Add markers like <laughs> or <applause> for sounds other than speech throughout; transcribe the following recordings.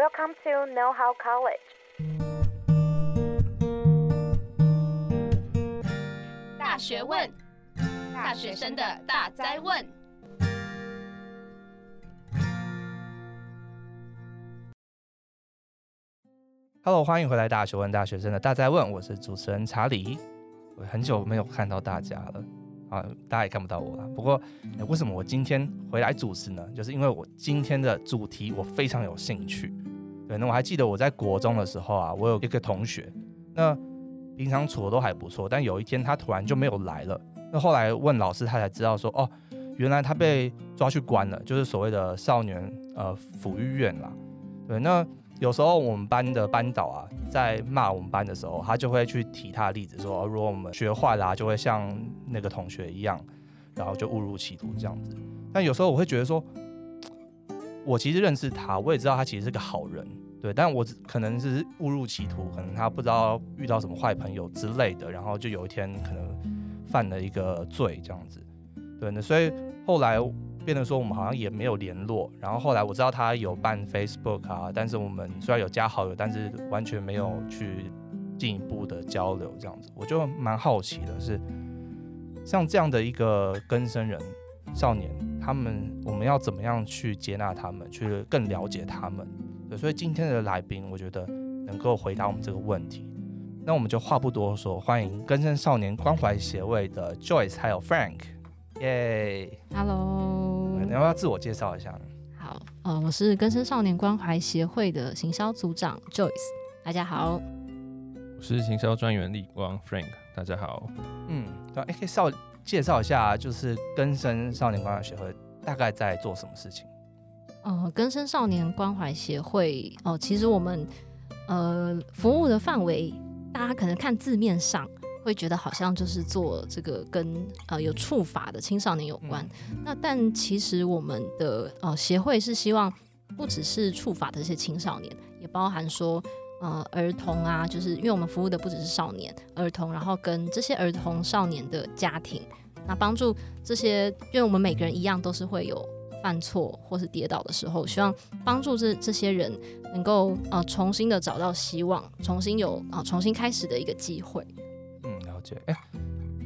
Welcome to Know How College。大學問，大學生的大哉問。Hello，歡迎回來！大學問，大學生的大哉問。我是主持人查理，我很久沒有看到大家了啊，大家也看不到我了。不過，為什麼我今天回來主持呢？就是因為我今天的主題，我非常有興趣。可能我還記得我在國中的時候啊，我有一個同學，那平常處的都還不錯，但有一天他突然就沒有來了。那後來問老師，他才知道說，哦，原來他被抓去關了，就是所謂的少年呃輔育院啦。對，那有時候我們班的班導啊，在罵我們班的時候，他就會去提他的例子說，說、哦、如果我們學壞了、啊，就會像那個同學一樣，然後就誤入歧途這樣子。但有時候我會覺得說。我其實認識他，我也知道他其實是個好人，對。但我可能是誤入歧途，可能他不知道遇到什麼壞朋友之類的，然後就有一天可能犯了一個罪這樣子，對呢。那所以後來變成說我們好像也沒有聯絡。然後後來我知道他有辦 Facebook 啊，但是我們雖然有加好友，但是完全沒有去進一步的交流這樣子。我就蠻好奇的是，像這樣的一個更生人。少年，他們我們要怎麼樣去接納他們，去更了解他們？所以今天的來賓，我覺得能夠回答我們這個問題，那我們就話不多說，歡迎更生少年關懷協會的 Joyce 還有 Frank，耶，Hello，你要不要自我介紹一下呢？好，呃，我是更生少年關懷協會的行銷組長 Joyce，大家好。我是行銷專員李光 Frank，大家好。嗯，A K 少介紹一下，就是更生少年關懷協會大概在做什麼事情？呃，更生少年關懷協會哦、呃，其實我們呃服務的範圍，大家可能看字面上會覺得好像就是做這個跟呃有觸法的青少年有關，嗯、那但其實我們的呃協會是希望不只是觸法的這些青少年，也包含說，呃，兒童啊，就是因為我們服務的不只是少年兒童，然後跟這些兒童、少年的家庭，那幫助這些，因為我們每個人一樣都是會有犯錯或是跌倒的時候，希望幫助這這些人能夠呃重新的找到希望，重新有啊、呃、重新開始的一個機會。嗯，了解。誒，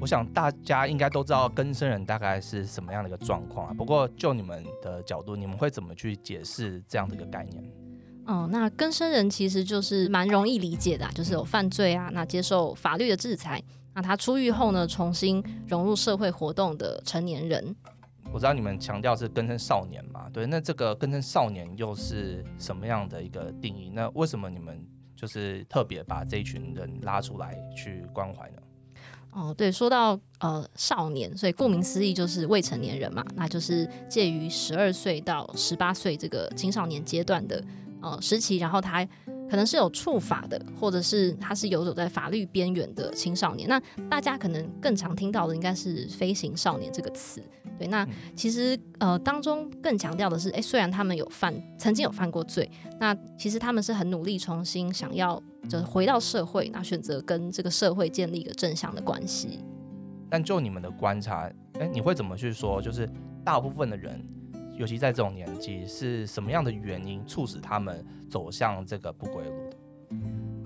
我想大家應該都知道更生人大概是什麼樣的一個狀況啊，不過就你們的角度，你們會怎麼去解釋這樣的一個概念？哦，那更生人其實就是蠻容易理解的啊，就是有犯罪啊，那接受法律的制裁，那他出獄後呢，重新融入社會活動的成年人。我知道你們強調是更生少年嘛，對，那這個更生少年又是什麼樣的一個定義？那為什麼你們就是特別把這一群人拉出來去關懷呢？哦，對，說到呃少年，所以顧名思義就是未成年人嘛，那就是介於十二歲到十八歲這個青少年階段的。呃，時期，然後他可能是有觸法的，或者是他是遊走在法律邊緣的青少年。那大家可能更常聽到的應該是“飛行少年”這個詞。對，那其實、嗯、呃，當中更強調的是，哎，雖然他們有犯，曾經有犯過罪，那其實他們是很努力重新想要，就是回到社會，那、嗯、選擇跟這個社會建立一個正向的關係。但就你們的觀察，哎，你會怎麼去說？就是大部分的人。尤其在這種年紀，是什麼樣的原因促使他們走向這個不歸路？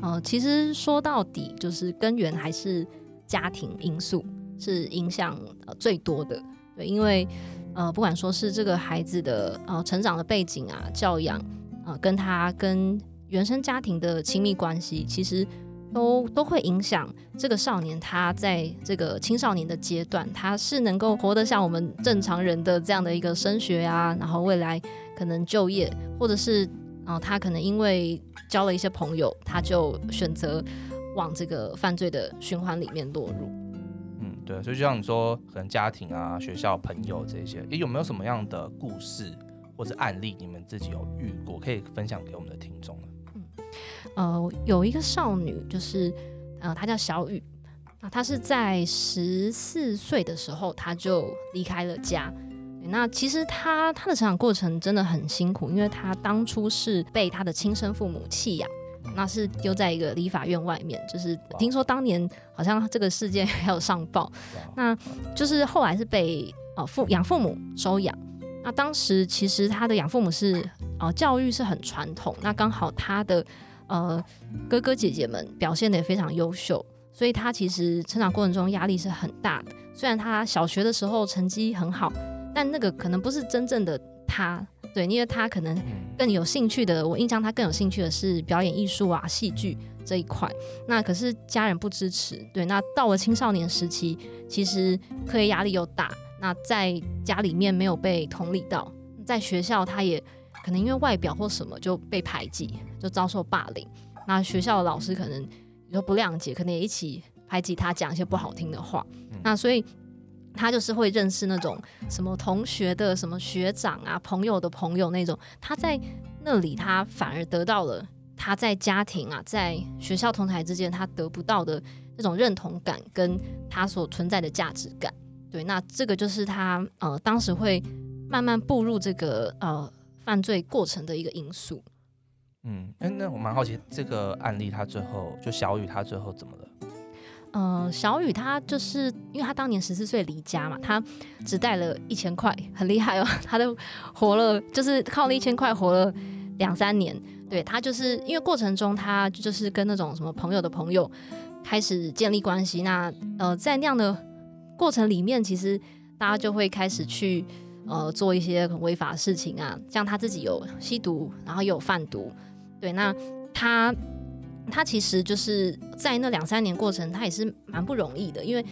呃，其實說到底，就是根源還是家庭因素是影響呃最多的。對，因為呃，不管說是這個孩子的呃成長的背景啊、教養啊、呃，跟他跟原生家庭的親密關係，其實。都都會影響這個少年，他在這個青少年的階段，他是能夠活得像我們正常人的這樣的一個升學啊，然後未來可能就業，或者是啊、呃，他可能因為交了一些朋友，他就選擇往這個犯罪的循環裡面落入。嗯，對，所以就像你說，可能家庭啊、學校、朋友這些，誒，有沒有什麼樣的故事或者案例，你們自己有遇過，可以分享給我們的聽眾呢？呃，有一個少女，就是，呃，她叫小雨，那她是在十四歲的時候，她就離開了家。那其實她她的成長過程真的很辛苦，因為她當初是被她的親生父母棄養，那是丟在一個立法院外面。就是聽說當年好像這個事件還要上報，那就是後來是被呃父養父母收養。那當時其實她的養父母是呃教育是很傳統，那剛好她的。呃，哥哥姐姐們表現得也非常優秀，所以他其實成長過程中壓力是很大的。雖然他小學的時候成績很好，但那個可能不是真正的他，對，因為他可能更有興趣的，我印象他更有興趣的是表演藝術啊、戲劇這一塊。那可是家人不支持，對。那到了青少年時期，其實課業壓力又大，那在家裡面沒有被同理到，在學校他也可能因為外表或什麼就被排擠。就遭受霸凌，那學校的老師，可能也都不諒解，可能也一起排擠他，講一些不好聽的話。嗯。那所以他就是會認識那種什麼同學的什麼學長啊，朋友的朋友那種。他在那裡，他反而得到了他在家庭啊，在學校同臺之間他得不到的那種認同感，跟他所存在的價值感。對，那這個就是他呃當時會慢慢步入這個呃犯罪過程的一個因素。嗯，哎，那我蠻好奇這個案例，他最後就小雨他最後怎麼了？嗯、呃，小雨他就是因為他當年十四歲離家嘛，他只帶了一千塊，很厲害哦，他都活了，就是靠了一千塊活了兩三年。對，他就是因為過程中，他就是跟那種什麼朋友的朋友開始建立關係，那呃，在那樣的過程裡面，其實大家就會開始去呃做一些很違法的事情啊，像他自己有吸毒，然後又有販毒。對，那他他其實就是在那兩三年過程，他也是蠻不容易的，因為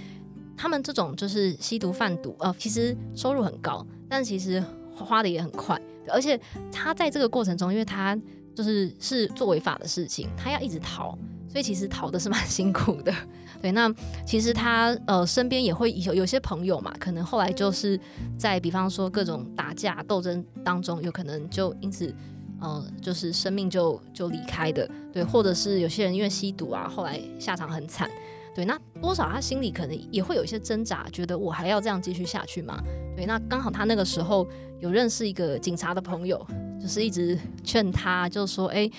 他們這種就是吸毒販毒啊、呃，其實收入很高，但其實花的也很快，而且他在這個過程中，因為他就是是做違法的事情，他要一直逃，所以其實逃的是蠻辛苦的。對，那其實他呃身邊也會有有些朋友嘛，可能後來就是在比方說各種打架鬥爭當中，有可能就因此。嗯、呃，就是生命就就離開的，對，或者是有些人因為吸毒啊，後來下場很慘，對，那多少他心裡可能也會有一些掙扎，覺得我還要這樣繼續下去嗎？對，那剛好他那個時候有認識一個警察的朋友，就是一直勸他，就說：“哎、欸，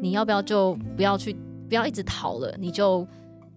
你要不要就不要去，不要一直逃了，你就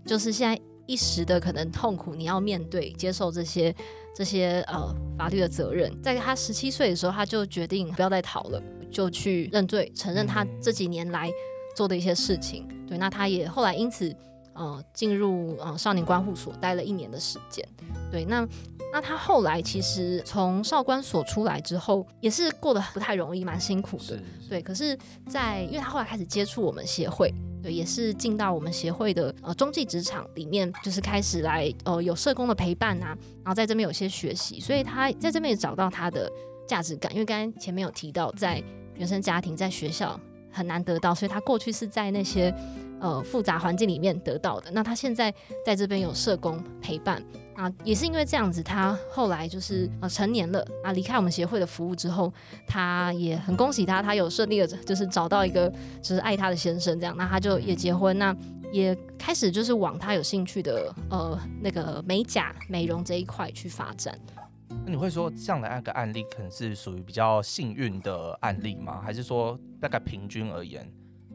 就是現在一時的可能痛苦，你要面對接受這些這些呃法律的責任。”在他十七歲的時候，他就決定不要再逃了。就去認罪，承認他這幾年來做的一些事情。對，那他也後來因此呃進入呃少年觀護所待了一年的時間。對，那那他後來其實從少管所出來之後，也是過得不太容易，蠻辛苦的。是是是對，可是在，在因為他後來開始接觸我們協會，對，也是進到我們協會的呃中繼職場裡面，就是開始來呃有社工的陪伴啊，然後在這邊有些學習，所以他在這邊也找到他的價值感。因為剛剛前面有提到在。原生家庭在學校很難得到，所以他過去是在那些呃複雜環境裡面得到的。那他現在在這邊有社工陪伴啊，也是因為這樣子，他後來就是呃成年了啊，離開我們協會的服務之後，他也很恭喜他，他有順利的，就是找到一個就是愛他的先生，這樣，那他就也結婚，那也開始就是往他有興趣的呃那個美甲、美容這一塊去發展。那、啊、你會說，這樣的案個案例可能是屬於比較幸運的案例嗎？還是說，大概平均而言，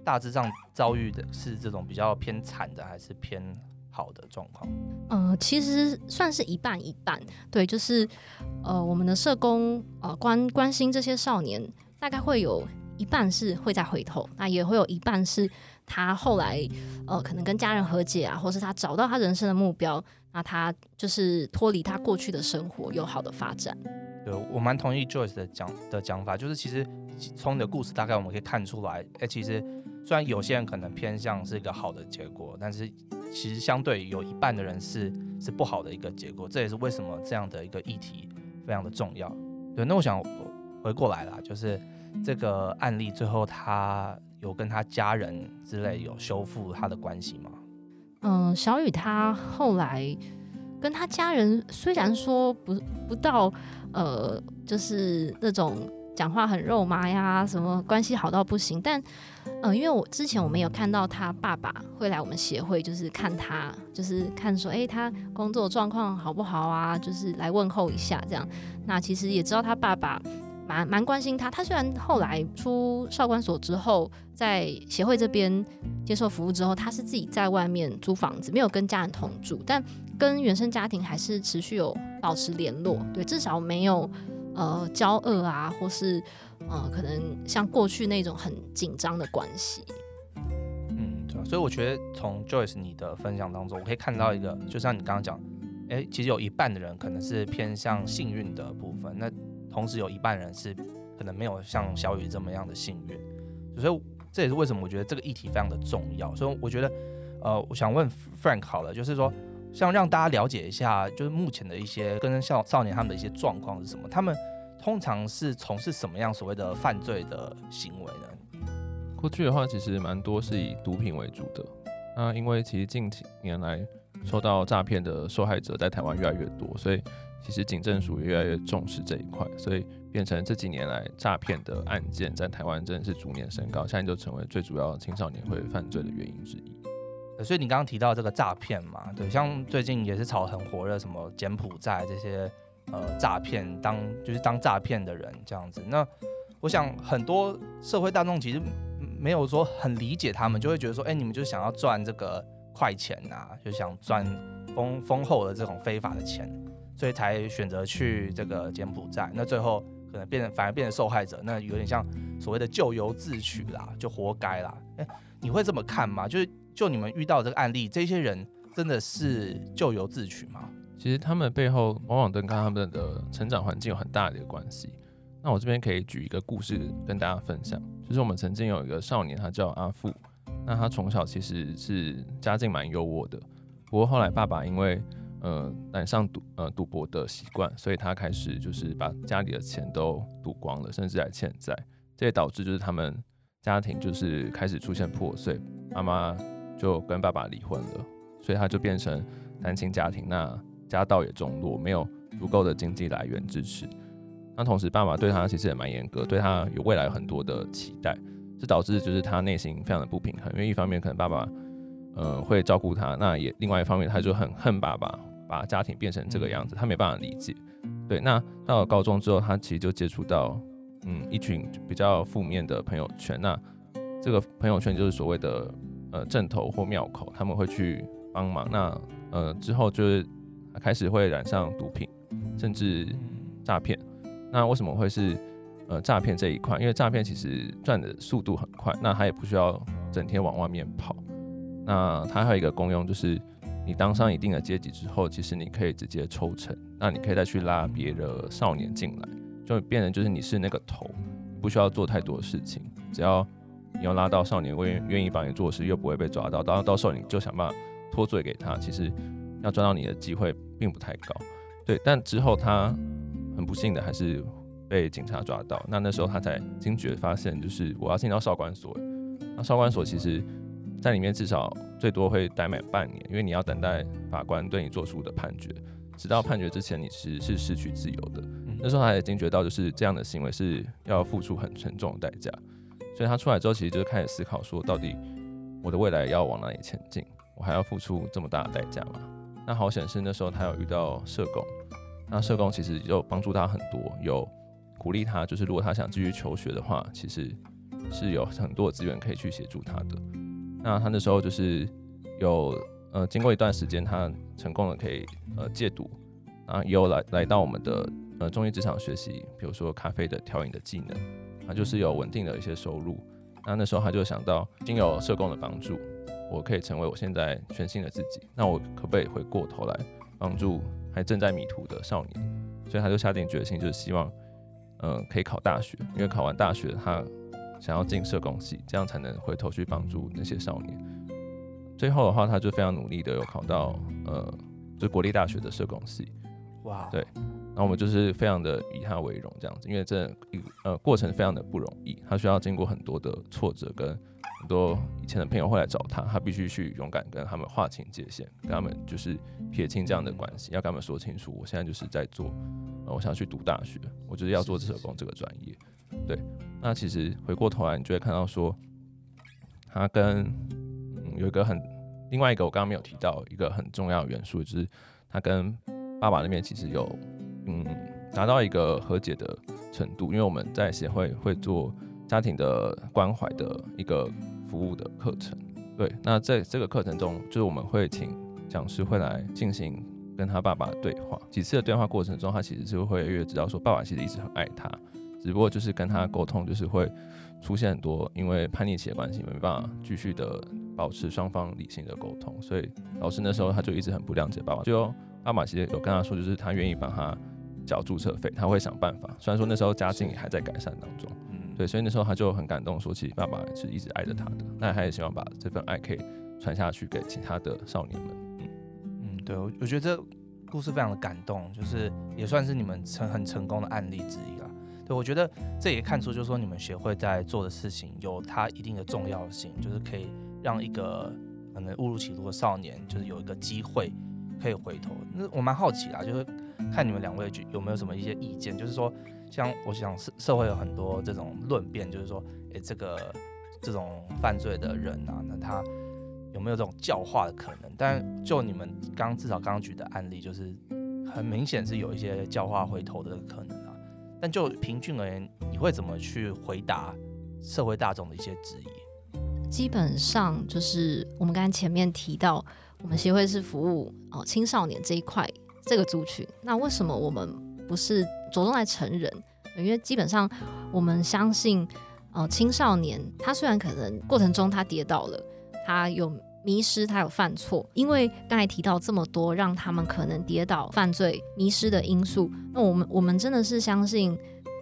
大致上遭遇的是這種比較偏慘的，還是偏好的狀況？嗯、呃，其實算是一半一半。對，就是呃，我們的社工呃關關心這些少年，大概會有一半是會再回頭，那也會有一半是他後來呃可能跟家人和解啊，或是他找到他人生的目標。那他就是脫離他過去的生活，有好的發展。對，我蠻同意 Joyce 的講的講法，就是其實從你的故事大概我們可以看出來，哎、欸，其實雖然有些人可能偏向是一個好的結果，但是其實相對有一半的人是是不好的一個結果。這也是為什麼這樣的一個議題非常的重要。對，那我想我回過來啦，就是這個案例最後他有跟他家人之類有修復他的關係嗎？嗯、呃，小雨他後來跟他家人雖然說不不到，呃，就是那種講話很肉麻呀，什麼關係好到不行。但，嗯、呃，因為我之前我們有看到他爸爸會來我們協會，就是看他，就是看說，誒、欸，他工作狀況好不好啊，就是來問候一下這樣。那其實也知道他爸爸。蠻蠻關心他，他雖然後來出少管所之後，在協會這邊接受服務之後，他是自己在外面租房子，沒有跟家人同住，但跟原生家庭還是持續有保持聯絡，對，至少沒有呃交惡啊，或是呃可能像過去那種很緊張的關係。嗯，對啊，所以我覺得從 Joyce 你的分享當中，我可以看到一個，就像你剛剛講，哎，其實有一半的人可能是偏向幸運的部分，那，同時有一半人是可能沒有像小雨這麼樣的幸運，所以這也是為什麼我覺得這個議題非常的重要。所以我覺得，呃，我想問 Frank 好了，就是說，像讓大家了解一下，就是目前的一些跟少少年他們的一些狀況是什麼？他們通常是從事什麼樣所謂的犯罪的行為呢？過去的話，其實蠻多是以毒品為主的。那、啊、因為其實近幾年來受到詐騙的受害者在台灣越來越多，所以。其實警政署，越來越重視這一塊，所以變成這幾年來詐騙的案件在台灣真的是逐年升高，現在就成為最主要青少年會犯罪的原因之一。所以你剛剛提到這個詐騙嘛，對，像最近也是炒很火熱什麼柬埔寨這些呃詐騙當，當就是當詐騙的人這樣子。那我想很多社會大眾其實沒有說很理解他們，就會覺得說，哎，你們就是想要賺這個快錢啊，就想賺豐豐厚的這種非法的錢。所以才選擇去這個柬埔寨，那最後可能變成反而變成受害者，那有點像所謂的咎由自取啦，就活該啦。誒、欸，你會這麼看嗎？就是就你們遇到這個案例，這些人真的是咎由自取嗎？其實他們背後往往跟他們的成長環境有很大的一個關係。那我這邊可以舉一個故事跟大家分享，就是我們曾經有一個少年，他叫阿富，那他從小其實是家境蠻優渥的，不過後來爸爸因為呃，染上賭呃賭博的習慣，所以他開始就是把家裡的錢都賭光了，甚至還欠債，這也導致就是他們家庭就是開始出現破碎，媽媽就跟爸爸離婚了，所以他就變成單親家庭，那家道也中落，沒有足夠的經濟來源支持。那同時爸爸對他其實也蠻嚴格，對他有未來很多的期待，這導致就是他內心非常的不平衡，因為一方面可能爸爸嗯呃會照顧他，那也另外一方面他就很恨爸爸。把家庭變成這個樣子，他沒辦法理解。對，那到了高中之後，他其實就接觸到，嗯，一群比較負面的朋友圈。那這個朋友圈就是所謂的，呃，陣頭或廟口，他們會去幫忙。那，呃，之後就是開始會染上毒品，甚至詐騙。那為什麼會是，呃，詐騙這一塊？因為詐騙其實賺的速度很快，那他也不需要整天往外面跑。那他還有一個功用就是。你當上一定的階級之後，其實你可以直接抽成，那你可以再去拉別的少年進來，就變成就是你是那個頭，不需要做太多事情，只要你要拉到少年，我願意願意幫你做事，又不會被抓到，到到時候你就想辦法脫罪給他。其實要抓到你的機會並不太高，對。但之後他很不幸的還是被警察抓到，那那時候他才驚覺發現，就是我要進到少管所，那少管所其實在裡面至少最多會待滿半年，因為你要等待法官對你做出的判決。直到判決之前，你其實是失去自由的。是那時候他也驚覺到，就是這樣的行為是要付出很沉重的代價。所以他出來之後，其實就是開始思考說，到底我的未來要往哪裡前進？我還要付出這麼大的代價嗎？那好像是那時候他有遇到社工，那社工其實就幫助他很多，有鼓勵他，就是如果他想繼續求學的話，其實是有很多資源可以去協助他的。那他那時候就是有呃，經過一段時間，他成功的可以呃戒毒，然後也有來來到我們的呃中醫職場學習，比如說咖啡的調飲的技能，他就是有穩定的一些收入。那那時候他就想到，經由社工的幫助，我可以成為我現在全新的自己。那我可不可以回過頭來幫助還正在迷途的少年？所以他就下定決心，就是希望嗯、呃、可以考大學，因為考完大學他。想要進社工系，這樣才能回頭去幫助那些少年。最後的話，他就非常努力的有考到呃，就國立大學的社工系。哇，Wow. 對，然後我們就是非常的以他為榮這樣子，因為這呃過程非常的不容易，他需要經過很多的挫折，跟很多以前的朋友會來找他，他必須去勇敢跟他們劃清界限，跟他們就是撇清這樣的關係，要跟他們說清楚，我現在就是在做，呃、我想要去讀大學，我就是要做社工這個專業，是是是對。那其實回過頭來，你就會看到說，他跟嗯有一個很另外一個我剛剛沒有提到一個很重要的元素，就是他跟爸爸那邊其實有嗯達到一個和解的程度。因為我們在協會會做家庭的關懷的一個服務的課程，對。那在這個課程中，就是我們會請講師會來進行跟他爸爸的對話。幾次的對話過程中，他其實就會越知道說爸爸其實一直很愛他。只不過就是跟他溝通，就是會出現很多因為叛逆期的關係，沒辦法繼續的保持雙方理性的溝通，所以老師那時候他就一直很不諒解爸爸。就阿瑪其實有跟他說，就是他願意幫他繳註冊費，他會想辦法。雖然說那時候家境還在改善當中，嗯是，對，所以那時候他就很感動，說其實爸爸是一直愛着他的，那、嗯、他也希望把這份愛可以傳下去給其他的少年們。嗯，嗯，對，我我覺得這故事非常的感動，就是也算是你們成很成功的案例之一了。我覺得這也看出，就是說你們學會在做的事情有它一定的重要性，就是可以讓一個可能誤入歧途的少年，就是有一個機會可以回頭。那我蠻好奇啦，就是看你們兩位就有沒有什麼一些意見，就是說像我想社社會有很多這種論辯，就是說哎這個這種犯罪的人啊，那他有沒有這種教化的可能？但就你們剛至少剛舉的案例，就是很明顯是有一些教化回頭的可能。但就平均而言，你會怎麼去回答社會大眾的一些質疑？基本上就是我們剛才前面提到，我們協會是服務哦青少年這一塊這個族群。那為什麼我們不是着重來成人？因為基本上我們相信，哦青少年他雖然可能過程中他跌倒了，他有。迷失，他有犯錯，因為剛才提到這麼多，讓他們可能跌倒、犯罪、迷失的因素。那我們，我們真的是相信，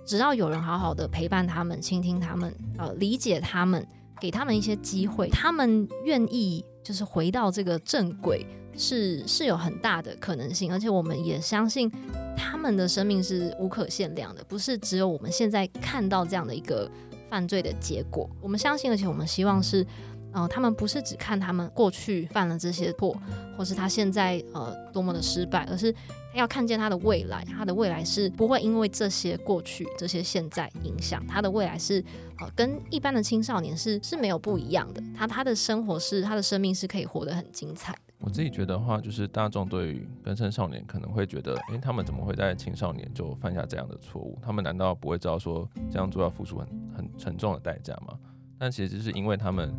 只要有人好好的陪伴他們、傾聽他們、呃，理解他們，給他們一些機會，他們願意就是回到這個正軌是，是是有很大的可能性。而且我們也相信，他們的生命是無可限量的，不是只有我們現在看到這樣的一個犯罪的結果。我們相信，而且我們希望是。哦、呃，他們不是只看他們過去犯了這些錯，或是他現在呃多麼的失敗，而是要看見他的未來。他的未來是不會因為這些過去、這些現在影響他的未來是呃跟一般的青少年是是沒有不一樣的。他他的生活是他的生命是可以活得很精彩的。我自己覺得的話，就是大眾對於更生少年可能會覺得，誒，他們怎麼會在青少年就犯下這樣的錯誤？他們難道不會知道說這樣做要付出很很沉重的代價嗎？但其實是因為他們。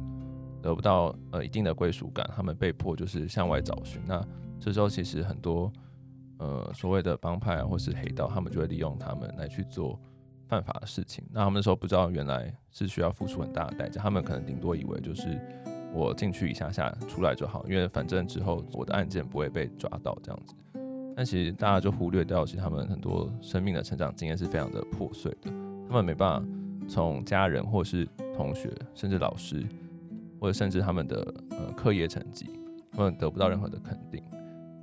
得不到呃一定的歸屬感，他們被迫，就是向外找尋。那這時候其實很多呃所謂的幫派啊，或是黑道，他們就會利用他們來去做犯法的事情。那他們那時候不知道原來是需要付出很大的代價，他們可能頂多以為就是我進去一下下出來就好，因為反正之後我的案件不會被抓到這樣子。但其實大家就忽略掉，其實他們很多生命的成長經驗是非常的破碎的，他們沒辦法從家人或是同學甚至老師。或者甚至他們的呃課業成績，他們得不到任何的肯定。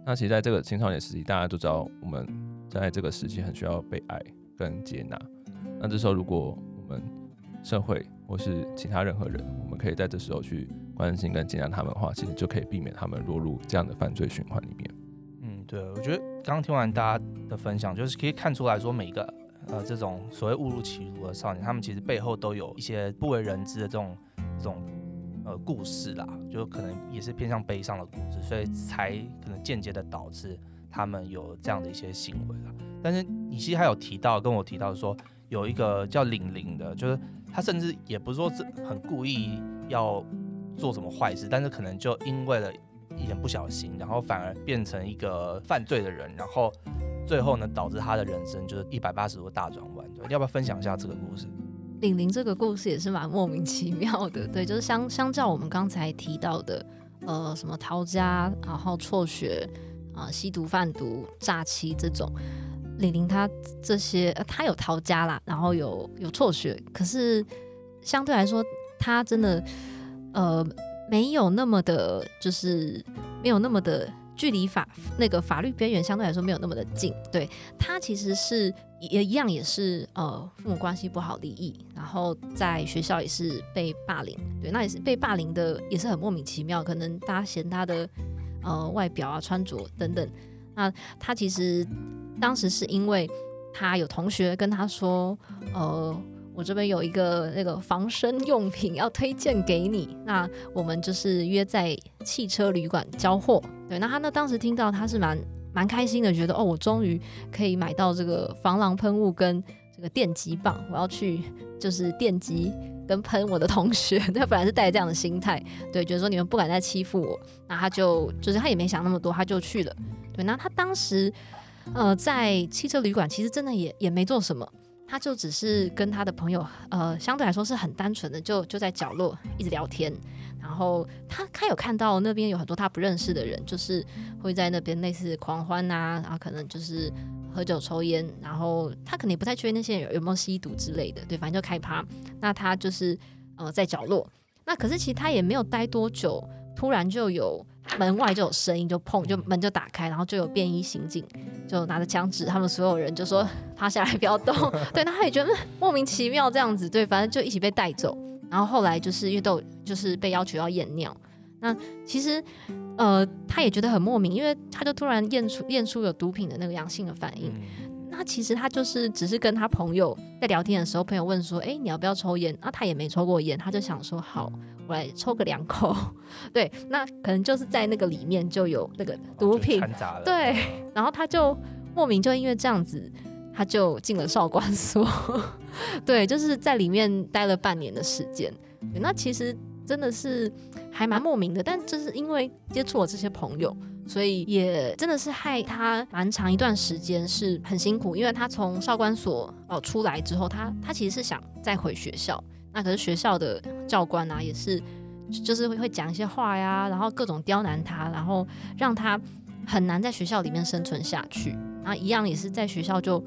那其實，在這個青少年時期，大家都知道，我們在這個時期很需要被愛跟接納。那這時候，如果我們社會或是其他任何人，我們可以在這時候去關心跟接納他們的話，其實就可以避免他們落入這樣的犯罪循環裡面。嗯，對，我覺得剛剛聽完大家的分享，就是可以看出來說，每一個呃這種所謂誤入歧途的少年，他們其實背後都有一些不為人知的這種這種。呃，故事啦，就可能也是偏向悲傷的故事，所以才可能間接的導致他們有這樣的一些行為啦。但是你其實還有提到跟我提到說，有一個叫玲玲的，就是他甚至也不是說是很故意要做什麼壞事，但是可能就因為了一點不小心，然後反而變成一個犯罪的人，然後最後呢導致他的人生就是一百八十度大轉彎。對。你要不要分享一下這個故事？李玲這個故事也是蠻莫名其妙的，對，就是相相較我們剛才提到的，呃，什麼逃家，然後輟學，啊、呃，吸毒販毒、詐欺這種，李玲她這些，她、呃、有逃家啦，然後有有輟學，可是相對來說，她真的，呃，沒有那麼的，就是沒有那麼的。距離法那個法律邊緣相對來說沒有那麼的近，對，他其實是一也一樣也是呃父母關係不好，離異，然後在學校也是被霸凌，對，那也是被霸凌的也是很莫名其妙，可能大家嫌他的呃外表啊穿着、等等，那他其實當時是因為他有同學跟他說呃。我這邊有一個那個防身用品要推薦給你，那我們就是約在汽車旅館交貨。對，那他那當時聽到他是蠻蠻開心的，覺得哦，我終於可以買到這個防狼噴霧跟這個電擊棒，我要去就是電擊跟噴我的同學。他本來是帶着這樣的心態，對，覺得說你們不敢再欺負我，那他就就是他也沒想那麼多，他就去了。對，那他當時呃在汽車旅館其實真的也也沒做什麼。他就只是跟他的朋友，呃，相對來說是很單純的，就就在角落一直聊天。然後他他有看到那邊有很多他不認識的人，就是會在那邊類似狂歡啊，然後可能就是喝酒抽菸。然後他可能也不太確定那些人有，有沒有吸毒之類的，對，反正就開趴。那他就是呃在角落。那可是其實他也沒有待多久，突然就有。門外就有聲音，就碰，就門就打開，然後就有便衣刑警就拿着槍指他們所有人，就說，趴下來不要動。 <laughs> 對，那他也覺得莫名其妙這樣子，對，反正就一起被帶走。然後後來就是越鬥，就是被要求要驗尿。那其實，呃，他也覺得很莫名，因為他就突然驗出驗出有毒品的那個陽性的反應。他其實他就是只是跟他朋友在聊天的時候，朋友問說：“哎、欸，你要不要抽煙？”那、啊、他也沒抽過煙，他就想說：“好，我來抽個兩口。”對，那可能就是在那個裡面就有那個毒品，哦、對。然後他就莫名就因為這樣子，他就進了少管所，對，就是在裡面待了半年的時間。那其實真的是還蠻莫名的，但就是因為接觸了這些朋友。所以也真的是害他蠻長一段時間是很辛苦，因為他從少管所哦出來之後，他他其實是想再回學校，那可是學校的教官啊也是，就是會會講一些話呀，然後各種刁難他，然後讓他很難在學校裡面生存下去，然後一樣也是在學校就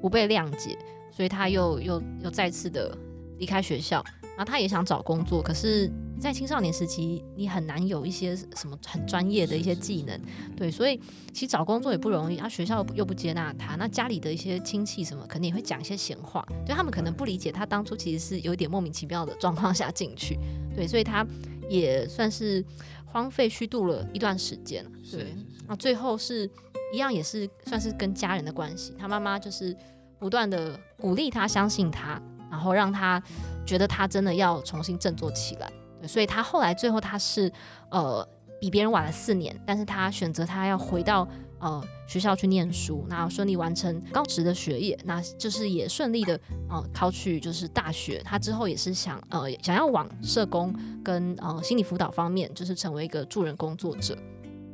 不被諒解，所以他又又又再次的離開學校。然後他也想找工作，可是，在青少年時期，你很難有一些什麼很專業的一些技能，是是是對，所以其實找工作也不容易。啊，學校又不接納他，那家裡的一些親戚什麼，可能也會講一些閒話，就他們可能不理解他當初其實是有點莫名其妙的狀況下進去，對，所以他也算是荒廢虛度了一段時間，對。那最後是一樣，也是算是跟家人的關係，他媽媽就是不斷的鼓勵他，相信他，然後讓他。覺得他真的要重新振作起來，對，所以他後來最後他是，呃，比別人晚了四年，但是他選擇他要回到呃學校去念書，那順利完成高職的學業，那就是也順利的呃考去就是大學，他之後也是想呃想要往社工跟呃心理輔導方面，就是成為一個助人工作者。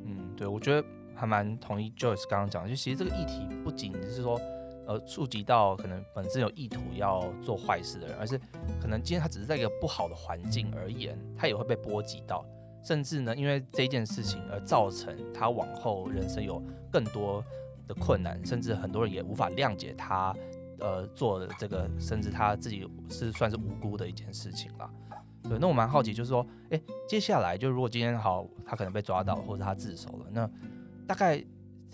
嗯，對，我覺得還蠻同意 Joyce 剛剛講的，就其實這個議題不僅是說。呃，觸及到可能本身有意圖要做壞事的人，而是可能今天他只是在一個不好的環境而言，他也會被波及到，甚至呢，因為這件事情而造成他往後人生有更多的困難，甚至很多人也無法諒解他，呃，做的這個，甚至他自己是算是無辜的一件事情了。對，那我蠻好奇，就是說，哎，接下來就如果今天好，他可能被抓到，或者他自首了，那大概，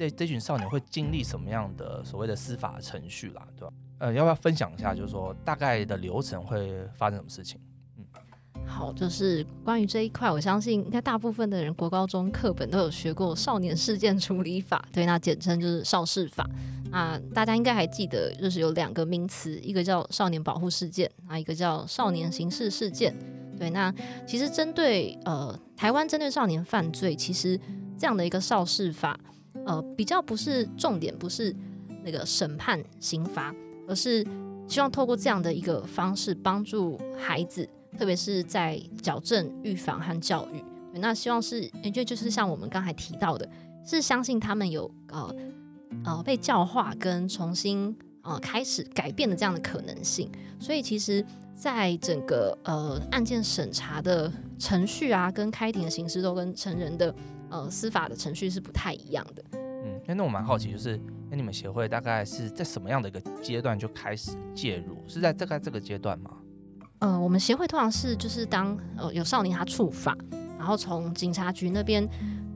這這群少年會經歷什麼樣的所謂的司法程序啦？對吧？呃，要不要分享一下，就是說大概的流程會發生什麼事情？嗯，好，就是關於這一塊，我相信應該大部分的人國高中課本都有學過少年事件處理法，對，那簡稱就是少事法。那大家應該還記得，就是有兩個名詞，一個叫少年保護事件啊，一個叫少年刑事事件。對，那其實針對呃台灣針對少年犯罪，其實這樣的一個少事法，呃，比較不是重點，不是那個審判刑罰，而是希望透過這樣的一個方式幫助孩子，特別是在矯正、預防和教育。那希望是，因為就是像我們剛才提到的，是相信他們有呃呃被教化跟重新呃開始改變的這樣的可能性。所以其實，在整個呃案件審查的程序啊，跟開庭的形式都跟成人的呃，司法的程序是不太一樣的。嗯、欸，那我蠻好奇，就是那、欸、你們協會大概是在什麼樣的一個階段就開始介入？是在這這個階段嗎？呃，我們協會通常是就是當呃有少年他觸法，然後從警察局那邊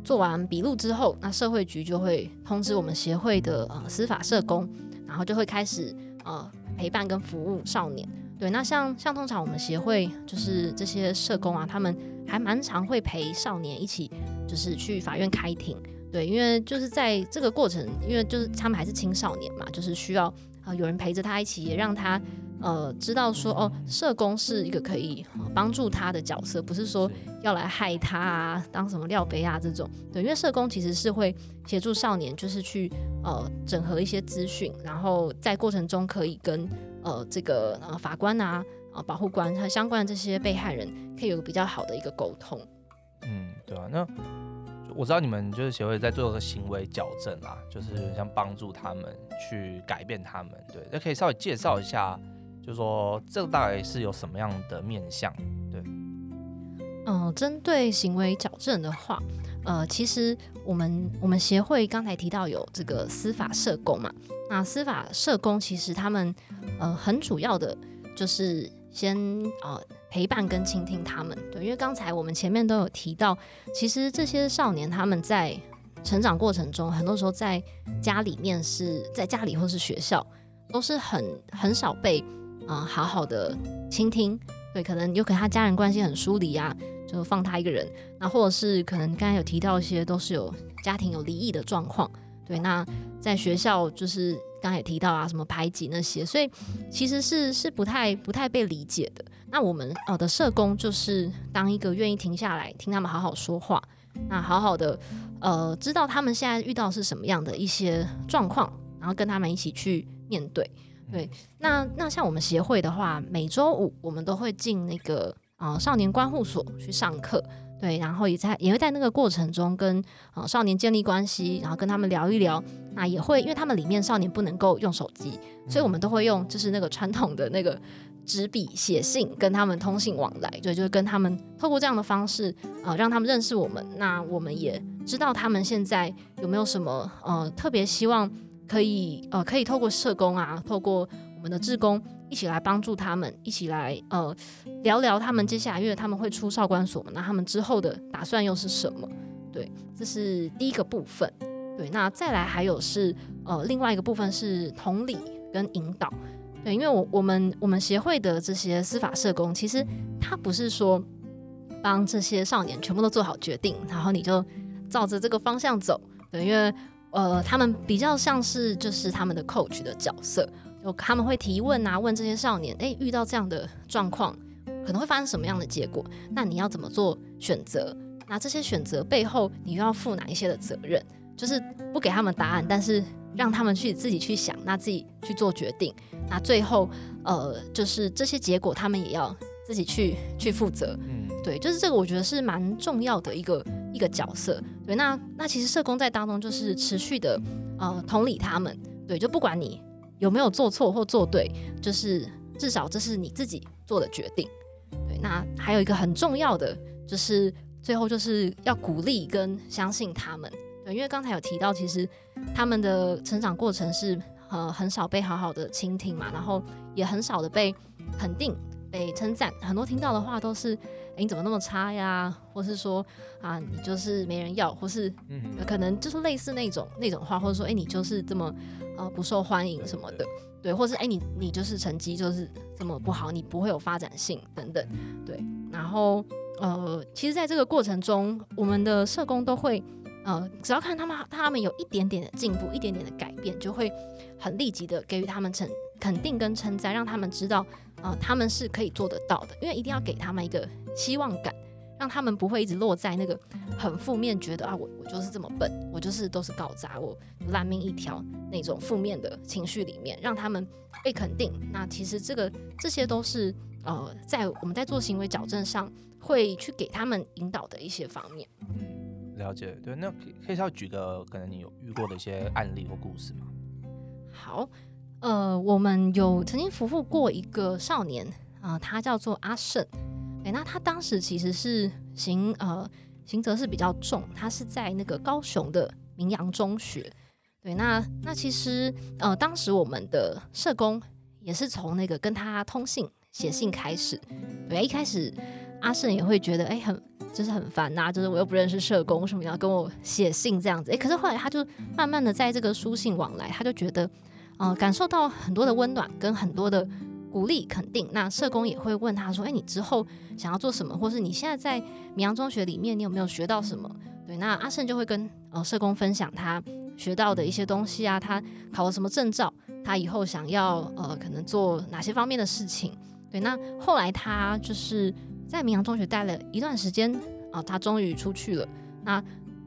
做完筆錄之後，那社會局就會通知我們協會的呃司法社工，然後就會開始呃陪伴跟服務少年。對，那像像通常我們協會就是這些社工啊，他們還蠻常會陪少年一起。就是去法院開庭，對，因為就是在這個過程，因為就是他們還是青少年嘛，就是需要啊、呃，有人陪着他一起，也讓他呃知道說哦，社工是一個可以、呃、幫助他的角色，不是說要來害他啊，當什麼料杯啊這種，對，因為社工其實是會協助少年，就是去呃整合一些資訊，然後在過程中可以跟呃這個呃法官啊、啊保護官他相關的這些被害人，可以有個比較好的一個溝通，嗯。對啊，那我知道你們就是協會在做個行為矯正啦、啊，就是像幫助他們去改變他們，對，那可以稍微介紹一下，就是說這個大概是有什麼樣的面向，對。嗯、呃，針對行為矯正的話，呃，其實我們我們協會剛才提到有這個司法社工嘛，那司法社工其實他們呃很主要的就是先啊。呃陪伴跟傾聽他們，對，因為剛才我們前面都有提到，其實這些少年他們在成長過程中，很多時候在家裡面是在家裡或是學校，都是很很少被啊、呃、好好的傾聽，對，可能有可能他家人關係很疏離啊，就放他一個人，那或者是可能剛才有提到一些都是有家庭有離異的狀況，對，那在學校就是。剛也提到啊，什麼排擠那些，所以其實是是不太不太被理解的。那我們呃的社工就是當一個願意停下來聽他們好好說話，那好好的呃知道他們現在遇到是什麼樣的一些狀況，然後跟他們一起去面對。對，那那像我們協會的話，每週五我們都會進那個啊、呃、少年觀護所去上課。對，然後也在也會在那個過程中跟呃少年建立關係，然後跟他們聊一聊。那也會因為他們裡面少年不能夠用手機，所以我們都會用就是那個傳統的那個紙筆寫信跟他們通信往來。對，就是跟他們透過這樣的方式，呃，讓他們認識我們。那我們也知道他們現在有沒有什麼呃特別希望可以呃可以透過社工啊，透過我們的志工。一起來幫助他們，一起來呃聊聊他們接下來，因為他們會出少管所嘛，那他們之後的打算又是什麼？對，這是第一個部分。對，那再來還有是呃另外一個部分是同理跟引導。對，因為我我們我們協會的這些司法社工，其實他不是說幫這些少年全部都做好決定，然後你就照着這個方向走。對，因為呃他們比較像是就是他們的 coach 的角色。有他們會提問啊，問這些少年，誒、欸，遇到這樣的狀況，可能會發生什麼樣的結果？那你要怎麼做選擇？那這些選擇背後，你又要負哪一些的責任？就是不給他們答案，但是讓他們去自己去想，那自己去做決定。那最後，呃，就是這些結果，他們也要自己去去負責。嗯，對，就是這個，我覺得是蠻重要的一個一個角色。對，那那其實社工在當中就是持續的呃同理他們，對，就不管你。有沒有做錯或做對，就是至少這是你自己做的決定。對。那還有一個很重要的，就是最後就是要鼓勵跟相信他們。對。因為剛才有提到，其實他們的成長過程是呃很少被好好的傾聽嘛，然後也很少的被肯定。被稱讚很多，聽到的話都是：“誒，你怎麼那麼差呀？”或是說：“啊，你就是沒人要。”或是“可能就是類似那種那種話。”或者說：“誒，你就是這麼呃不受歡迎什麼的。”對，或是“誒，你你就是成績就是這麼不好，你不會有發展性等等。”對，然後呃，其實在這個過程中，我們的社工都會呃，只要看他們他們有一點點的進步，一點點的改變，就會很立即的給予他們成肯定跟稱讚，讓他們知道。啊、呃，他們是可以做得到的。因為一定要給他們一個希望感，讓他們不會一直落在那個很負面，覺得啊，我我就是這麼笨，我就是都是搞砸，我爛命一條那種負面的情緒裡面，讓他們被肯定。那其實這個這些都是呃，在我們在做行為矯正上會去給他們引導的一些方面。嗯，了解。對，那可以稍微舉個可能你有遇過的一些案例或故事嗎？好。呃，我們有曾經服務過一個少年啊、呃，他叫做阿勝，誒、欸，那他當時其實是刑呃刑責，是比較重，他是在那個高雄的明陽中學，對，那那其實呃當時我們的社工也是從那個跟他通信寫信開始，對，一開始阿勝也會覺得哎、欸、很就是很煩吶、啊，就是我又不認識社工，為什麼要跟我寫信這樣子？誒、欸，可是後來他就慢慢的在這個書信往來，他就覺得。呃，感受到很多的溫暖跟很多的鼓勵肯定。那社工也會問他說：“哎，你之後想要做什麼？或是你現在在明陽中學裡面，你有沒有學到什麼？”對，那阿勝就會跟呃社工分享他學到的一些東西啊，他考了什麼證照，他以後想要呃可能做哪些方面的事情。對，那後來他就是在明陽中學待了一段時間啊、呃，他終於出去了。那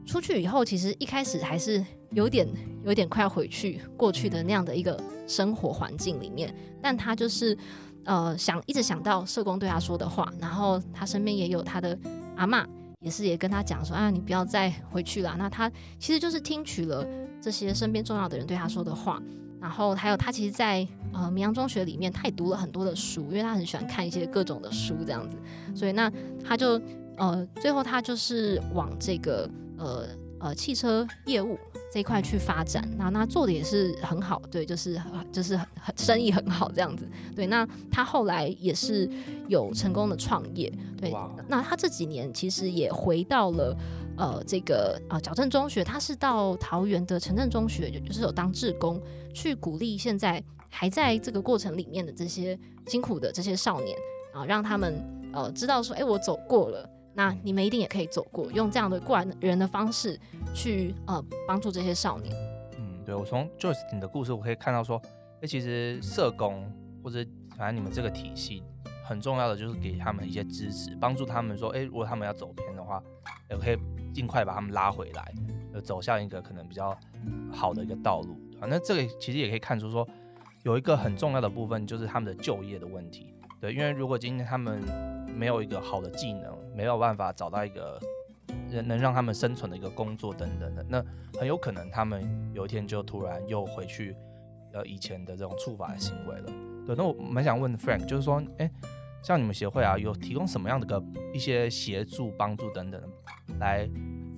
出去以後，其實一開始還是。有點，有點快要回去過去的那樣的一個生活環境裡面，但他就是，呃，想一直想到社工對他說的話，然後他身邊也有他的阿嬤，也是也跟他講說啊，你不要再回去了。那他其實就是聽取了這些身邊重要的人對他說的話，然後還有他其實在，在呃明陽中學裡面，他也讀了很多的書，因為他很喜歡看一些各種的書這樣子，所以那他就呃最後他就是往這個呃呃汽車業務，這一塊去發展，那那做的也是很好，對，就是就是很，很生意很好這樣子，對。那他後來也是有成功的創業，對。哇那他這幾年其實也回到了呃這個啊矯、呃、正中學，他是到桃園的城鎮中學，就是有當志工，去鼓勵現在還在這個過程裡面的這些辛苦的這些少年啊、呃，讓他們呃知道說，哎、欸，我走過了，那你們一定也可以走過，用這樣的過來人的方式。去呃幫助這些少年，嗯，對我從就是你的故事，我可以看到說，哎，其實社工或者反正你們這個體系很重要的就是給他們一些支持，幫助他們說，哎，如果他們要走偏的話，也可以盡快把他們拉回來，走向一個可能比較好的一個道路。反正這個其實也可以看出說，有一個很重要的部分就是他們的就業的問題，對，因為如果今天他們沒有一個好的技能，沒有辦法找到一個。能能讓他們生存的一個工作等等的，那很有可能他們有一天就突然又回去呃以前的這種觸法行為了。對，那我蠻想問 Frank，就是說，哎、欸，像你們協會啊，有提供什麼樣的個一些協助幫助等等，來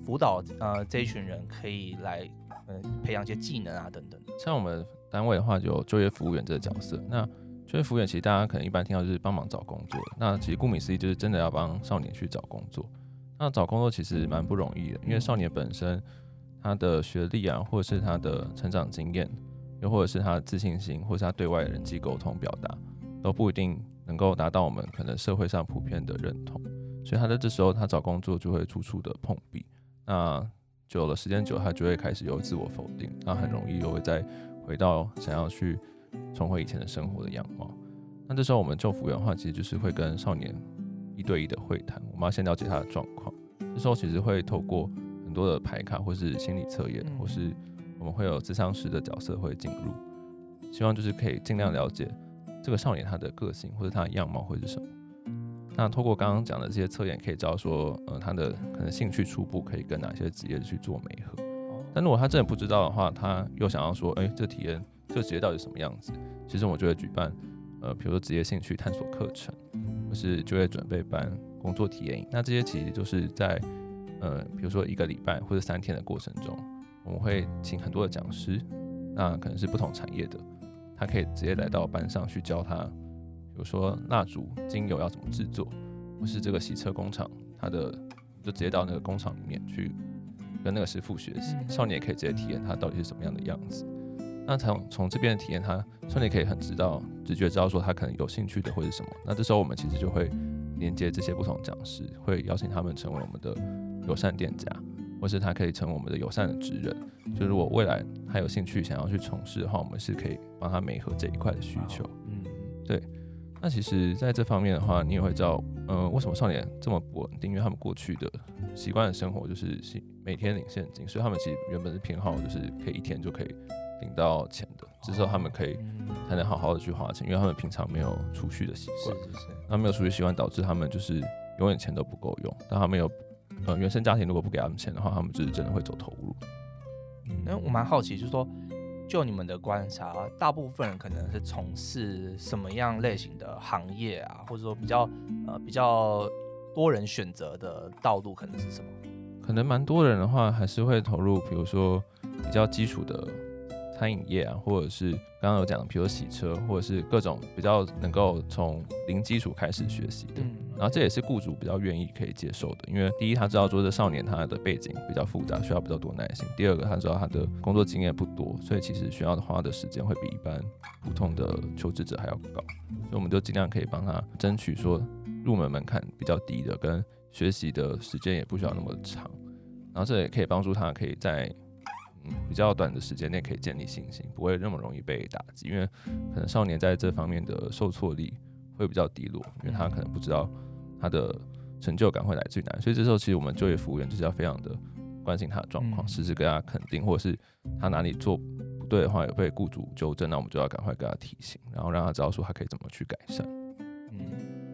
輔導呃這一群人可以來嗯、呃、培養一些技能啊等等。像我們單位的話，就就業服務員這個角色。那就業服務員其實大家可能一般聽到就是幫忙找工作，那其實顧名思義就是真的要幫少年去找工作。那找工作其實蠻不容易的，因為少年本身他的學歷啊，或者是他的成長經驗，又或者是他的自信心，或者是他對外的人際溝通表達，都不一定能夠達到我們可能社會上普遍的認同，所以他在這時候他找工作就會處處的碰壁。那久了時間久，他就會開始有自我否定，那很容易又會再回到想要去重回以前的生活的樣貌。那這時候我們就服員的話，其實就是會跟少年。一對一的會談，我們要先了解他的狀況。這時候其實會透過很多的牌卡，或是心理測驗，或是我們會有諮商師的角色會進入，希望就是可以儘量了解這個少年他的個性或者他的樣貌會是什麼。那透過剛剛講的這些測驗，可以知道說，呃，他的可能興趣初步可以跟哪些職業去做媒合。但如果他真的不知道的話，他又想要說，哎，這個、體驗，這個、職業到底什麼樣子？其實我覺得舉辦，呃，比如說職業興趣探索課程。就是就業準備班、工作體驗營，那這些其實就是在，呃，比如說一個禮拜或者三天的過程中，我們會請很多的講師，那可能是不同產業的，他可以直接來到班上去教他，比如說蠟燭、精油要怎麼製作，或是這個洗車工廠，他的就直接到那個工廠裡面去跟那個師傅學習，少年也可以直接體驗他到底是什麼樣的樣子。那從從這邊的體驗，他少年可以很知道直覺知道說他可能有興趣的或者什麼。那這時候我們其實就會連接這些不同講師，會邀請他們成為我們的友善店家，或是他可以成為我們的友善的職人。就是如果未來他有興趣想要去從事的話，我們是可以幫他媒合這一塊的需求。嗯，對。那其實在這方面的話，你也會知道，呃，為什麼少年這麼不穩定？因為他們過去的習慣的生活就是是每天領現金，所以他們其實原本的偏好就是可以一天就可以。領到錢的，這時候他們可以才能好好的去花錢，哦嗯、因為他們平常沒有儲蓄的習慣，那沒有儲蓄習慣導致他們就是永遠錢都不夠用。但他們有、嗯、呃原生家庭如果不給他們錢的話，他們就是真的會走投無路、嗯。那我蠻好奇，就是說，就你們的觀察，大部分人可能是從事什麼樣類型的行業啊，或者說比較呃比較多人選擇的道路可能是什麼？可能蠻多人的話還是會投入，比如說比較基礎的。餐飲業啊，或者是剛剛有講的，比如說洗車，或者是各種比較能夠從零基礎開始學習的，然後這也是僱主比較願意可以接受的，因為第一，他知道說這少年他的背景比較複雜，需要比較多耐心；第二個，他知道他的工作經驗不多，所以其實需要花的時間會比一般普通的求職者還要高，所以我們就儘量可以幫他爭取說入門門檻比較低的，跟學習的時間也不需要那麼長，然後這也可以幫助他可以在。嗯，比較短的時間內可以建立信心，不會那麼容易被打擊，因為可能少年在這方面的受挫力會比較低落，因為他可能不知道他的成就感會來自於哪裡。所以這時候其實我們就業服務員就是要非常的關心他的狀況，嗯、時時給他肯定，或者是他哪裡做不對的話，有被雇主糾正，那我們就要趕快給他提醒，然後讓他知道說他可以怎麼去改善。嗯，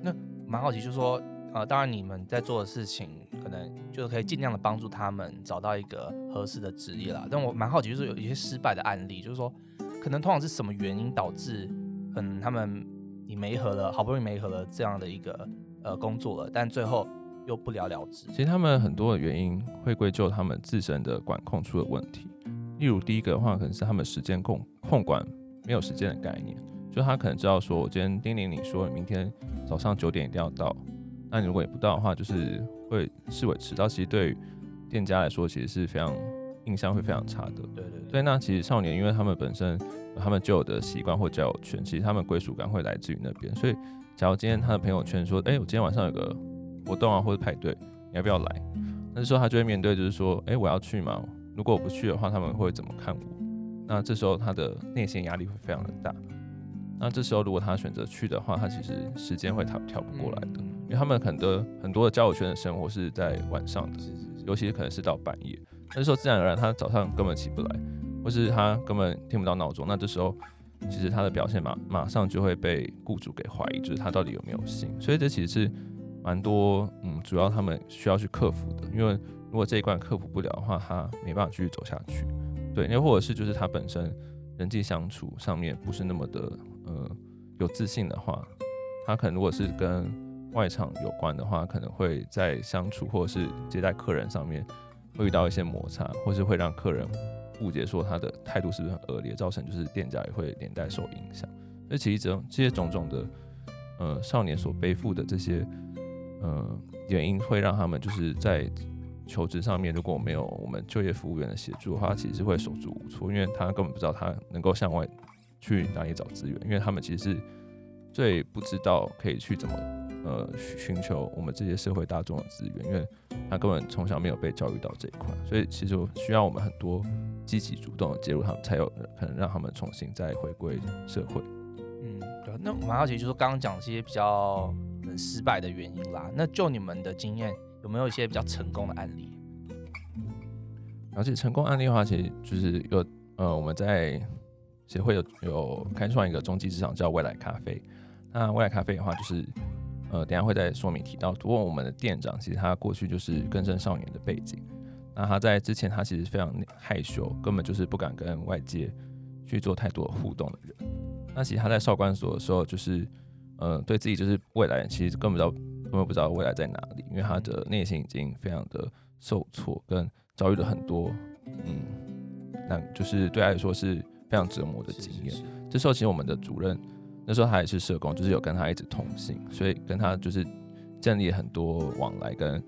那蠻好奇，就說。呃，當然你們在做的事情，可能就是可以盡量的幫助他們找到一個合適的職業啦。但我蠻好奇，就是有一些失敗的案例，就是說，可能通常是什麼原因導致，可能他們你媒合了，好不容易媒合了這樣的一個呃工作了，但最後又不了了之。其實他們很多的原因會歸咎他們自身的管控出了問題。例如第一個的話，可能是他們時間控控管，沒有時間的概念，就他可能知道說，我今天叮嚀你說明天早上九點一定要到。但如果你不到的話，就是會視為遲到。其實對店家來說，其實是非常印象會非常差的。對對對，對，對。那其實少年，因為他們本身他們舊有的習慣或交友圈，其實他們歸屬感會來自於那邊。所以，假如今天他的朋友圈說：“哎、欸，我今天晚上有個活動啊，或者派對，你要不要來？”那時候他就會面對，就是說：“哎、欸，我要去嗎？如果我不去的話，他們會怎麼看我？”那這時候他的內心壓力會非常的大。那這時候如果他選擇去的話，他其實時間會調調不過來的。嗯因為他們可能的很多很多的交友圈的生活是在晚上的，尤其是可能是到半夜，但是說自然而然他早上根本起不來，或是他根本聽不到鬧鐘。那這時候其實他的表現馬馬上就會被雇主給懷疑，就是他到底有沒有心。所以這其實是蠻多嗯，主要他們需要去克服的。因為如果這一關克服不了的話，他沒辦法繼續走下去。對，因為或者是就是他本身人際相處上面不是那麼的呃有自信的話，他可能如果是跟外場有關的話，可能會在相處或者是接待客人上面，會遇到一些摩擦，或是會讓客人誤解說他的態度是不是很惡劣，造成就是店家也會連帶受影響。而其實這這些種種的，呃，少年所背負的這些，呃，原因會讓他們就是在求職上面，如果沒有我們就業服務員的協助的話，他其實是會手足無措，因為他根本不知道他能夠向外去哪裡找資源，因為他們其實是。最不知道可以去怎麼呃尋求我們這些社會大眾的資源，因為他根本從小沒有被教育到這一塊，所以其實我需要我們很多積極主動的介入，他們才有可能讓他們重新再回歸社會。嗯，對，那馬小姐就是剛剛講這些比較失敗的原因啦，那就你們的經驗有沒有一些比較成功的案例？而且成功案例的話，其實就是有呃我們在協會有有開創一個中繼職場叫未來咖啡。那未來咖啡的話，就是，呃，等下會再說明提到。不過，我們的店長其實他過去就是更生少年的背景，那他在之前他其實非常害羞，根本就是不敢跟外界去做太多的互動的人。那其實他在少管所的時候，就是，呃，對自己就是未來其實根本都根本不知道未來在哪裡，因為他的內心已經非常的受挫，跟遭遇了很多，嗯，那就是對他來說是非常折磨的經驗。是是是，這時候其實我們的主任。那時候他也是社工，就是有跟他一直通信，所以跟他就是建立很多往來跟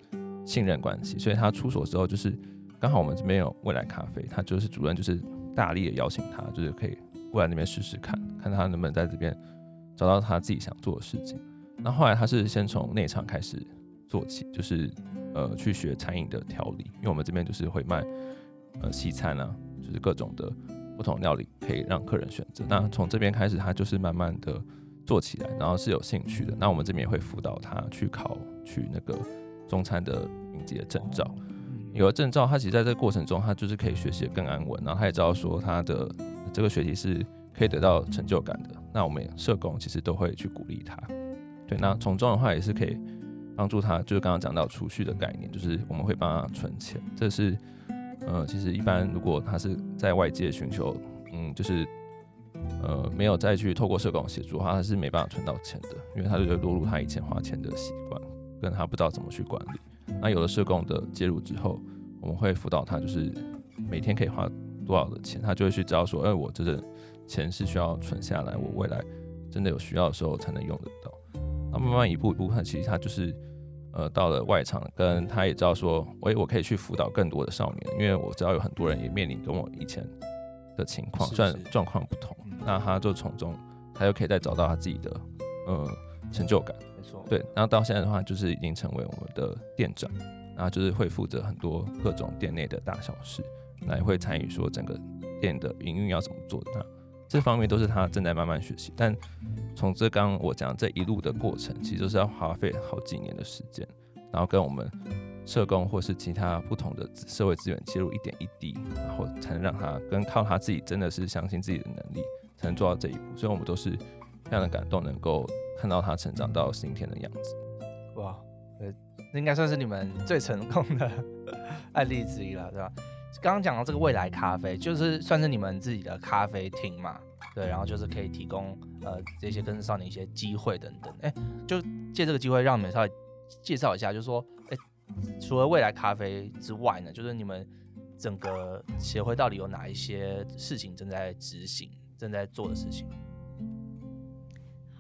信任關係。所以他出所之後，就是剛好我們這邊有未來咖啡，他就是主任，就是大力的邀請他，就是可以過來那邊試試看，看他能不能在這邊找到他自己想做的事情。那後來他是先從內場開始做起，就是呃去學餐飲的調理，因為我們這邊就是會賣呃西餐啊，就是各種的。不同料理可以讓客人選擇。那從這邊開始，他就是慢慢的做起來，然後是有興趣的。那我們這邊也會輔導他去考取那個中餐的丙級的證照。有了證照，他其實在這個過程中，他就是可以學習得更安穩。然後他也知道說他的這個學習是可以得到成就感的。那我們社工其實都會去鼓勵他。對，那從中的話也是可以幫助他，就是剛剛講到儲蓄的概念，就是我們會幫他存錢。這是。嗯、呃，其實一般如果他是在外界尋求，嗯，就是，呃，沒有再去透過社工協助的話，他是沒辦法存到錢的，因為他就會落入他以前花錢的習慣，跟他不知道怎麼去管理。那有了社工的介入之後，我們會輔導他，就是每天可以花多少的錢，他就會去知道說，因、呃、我這個錢是需要存下來，我未來真的有需要的時候才能用得到。那慢慢一步一步，看，其實他就是。呃，到了外場，跟他也知道說，哎，我可以去輔導更多的少年，因為我知道有很多人也面臨跟我以前的情況，雖然狀況不同，是不是，那他就從中，他就可以再找到他自己的呃成就感。沒錯，對，然後到現在的話，就是已經成為我們的店長，然後就是會負責很多各種店內的大小事，來會參與說整個店的營運要怎麼做的。這方面都是他正在慢慢學習，但從這剛剛我講這一路的過程，其實就是要花費好幾年的時間，然後跟我們社工或是其他不同的社會資源切入，一點一滴，然後才能讓他跟靠他自己真的是相信自己的能力，才能做到這一步。所以我們都是非常的感動，能夠看到他成長到今天的樣子。哇，呃，應該算是你們最成功的案例之一了，對吧？剛剛講到這個未來咖啡，就是算是你們自己的咖啡廳嘛，對，然後就是可以提供呃這些更生少年的一些機會等等。誒，就借這個機會讓你們稍微介紹一下，就是說，誒，除了未來咖啡之外呢，就是你們整個協會到底有哪一些事情正在執行、正在做的事情？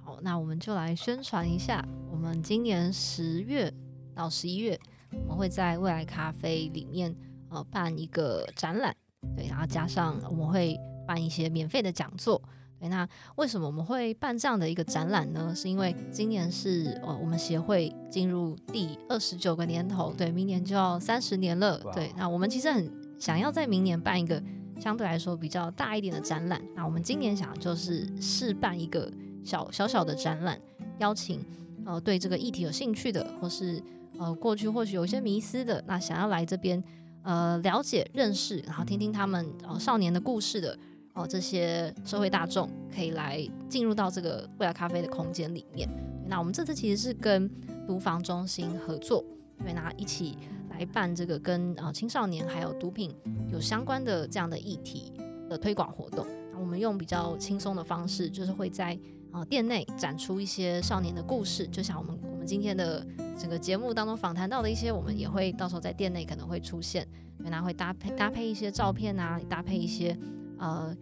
好，那我們就來宣傳一下，我們今年十月到十一月，我們會在未來咖啡裡面。呃，辦一個展覽，對，然後加上我們會辦一些免費的講座，對。那為什麼我們會辦這樣的一個展覽呢？是因為今年是呃我們協會進入第二十九個年頭，對，明年就要三十年了，對。那我們其實很想要在明年辦一個相對來說比較大一點的展覽，那我們今年想就是試辦一個小小小的展覽，邀請呃對這個議題有興趣的，或是呃過去或許有些迷思的，那想要來這邊。呃，了解、認識，然後聽聽他們呃少年的故事的哦、呃，這些社會大眾可以來進入到這個未來咖啡的空間裡面。那我們這次其實是跟毒防中心合作，對，那一起來辦這個跟呃青少年還有毒品有相關的這樣的議題的推廣活動。那我們用比較輕鬆的方式，就是會在。啊、呃，店內展出一些少年的故事，就像我們我們今天的整個節目當中訪談到的一些，我們也會到時候在店內可能會出現，對，那會搭配搭配一些照片啊，搭配一些呃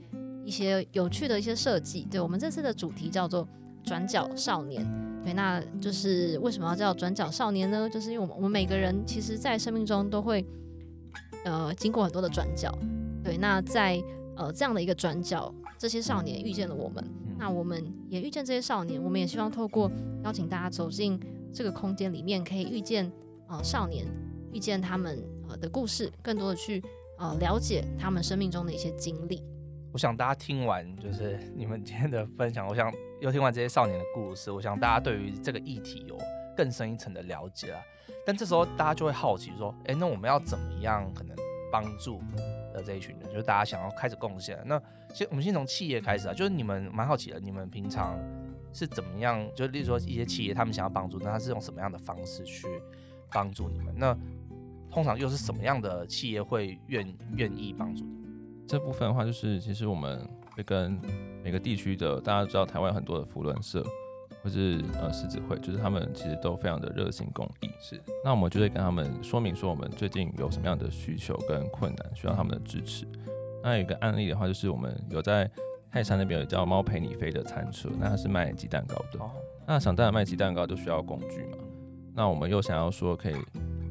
一些有趣的一些設計。對我們這次的主題叫做“轉角少年”，對，那就是為什麼要叫“轉角少年”呢？就是因為我們我們每個人其實在生命中都會呃經過很多的轉角，對，那在呃這樣的一個轉角，這些少年遇見了我們。那我們也遇見這些少年，我們也希望透過邀請大家走進這個空間裡面，可以遇見呃少年，遇見他們呃的故事，更多的去呃了解他們生命中的一些經歷。我想大家聽完就是你們今天的分享，我想又聽完這些少年的故事，我想大家對於這個議題有更深一層的了解啊。但這時候大家就會好奇說，誒、欸，那我們要怎麼樣可能幫助？這一群人，就是大家想要開始貢獻。那先，我們先從企業開始啊。就是你們蠻好奇的，你們平常是怎麼樣？就例如說一些企業，他們想要幫助，那他是用什麼樣的方式去幫助你們？那通常又是什麼樣的企業會願願意幫助你？這部分的話，就是其實我們會跟每個地區的，大家都知道台灣很多的扶輪社。就是呃獅子會，就是他們其實都非常的熱心公益。是，那我們就會跟他們說明說，我們最近有什麼樣的需求跟困難，需要他們的支持。嗯、那有一個案例的話，就是我們有在泰山那邊有叫“貓陪你飛”的餐車，那它是賣雞蛋糕的。哦、那想當然賣雞蛋糕就需要工具嘛。那我們又想要說可以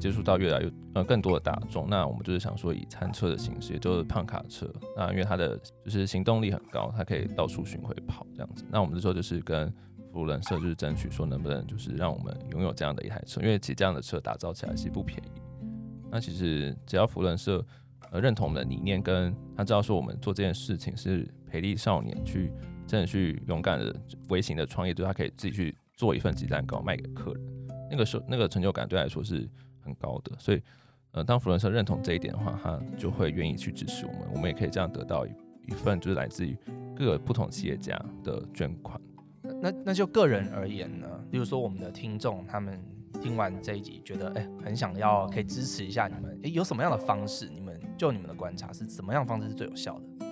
接觸到越來越呃更多的大眾，那我們就是想說以餐車的形式，也就是胖卡車。那因為它的就是行動力很高，它可以到處巡迴跑這樣子。那我們這時候就是跟扶輪社就是爭取說能不能就是讓我們擁有這樣的一台車，因為其實這樣的車打造起來是不便宜。那其實只要扶輪社呃認同我們的理念，跟他知道說我們做這件事情是培力少年去真的去勇敢的微型的創業，對、就是、他可以自己去做一份雞蛋糕賣給客人，那個時候那個成就感對來說是很高的。所以呃，當扶輪社認同這一點的話，他就會願意去支持我們，我們也可以這樣得到一,一份就是來自於各個不同企業家的捐款。那那就個人而言呢，比如說我們的聽眾，他們聽完這一集覺得誒、欸，很想要可以支持一下你們，誒、欸，有什麼樣的方式？你們就你們的觀察，是什麼樣方式是最有效的？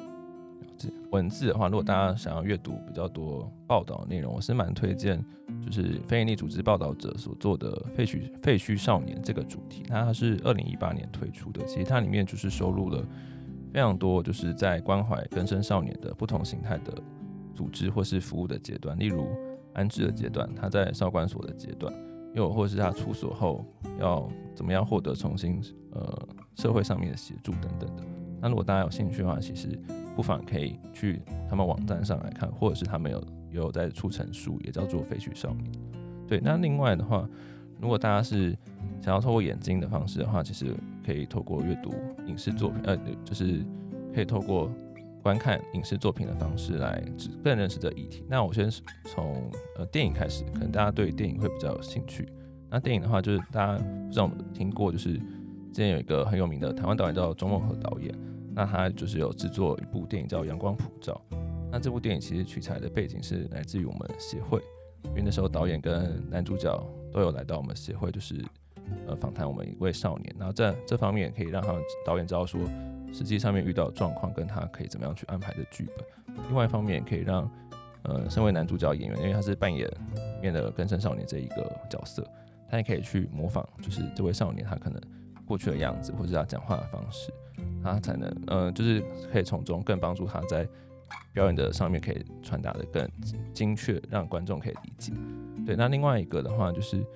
文字的話，如果大家想要閱讀比較多報道內容，我是蠻推薦，就是非營利組織報道者所做的《廢墟廢墟少年》這個主題，那它是二零一八年推出的。其實它裡面就是收錄了非常多，就是在關懷更生少年的不同形態的。組織或是服務的階段，例如安置的階段，他在少管所的階段，又或是他出所後要怎麼樣獲得重新呃社會上面的協助等等的。那如果大家有興趣的話，其實不妨可以去他們網站上來看，或者是他們有有在出成書，也叫做《廢墟少年》。對，那另外的話，如果大家是想要透過眼睛的方式的話，其實可以透過閱讀影視作品，呃，就是可以透過。觀看影視作品的方式來更認識這議題。那我先從呃電影開始，可能大家對電影會比較有興趣。那電影的話，就是大家不知道我們聽過，就是之前有一個很有名的台灣導演叫鍾孟宏導演，那他就是有制作一部電影叫《陽光普照》。那這部電影其實取材的背景是來自於我們協會，因為那時候導演跟男主角都有來到我們協會，就是呃訪談我們一位少年。然後在這方面可以讓他們導演知道說。實際上面遇到狀況跟他可以怎麼樣去安排的劇本，另外一方面可以讓，呃，身為男主角演員，因為他是扮演裡面的更生少年這一個角色，他也可以去模仿，就是這位少年他可能過去的樣子或者他講話的方式，他才能呃，就是可以從中更幫助他在表演的上面可以傳達得更精確，讓觀眾可以理解。對，那另外一個的話就是。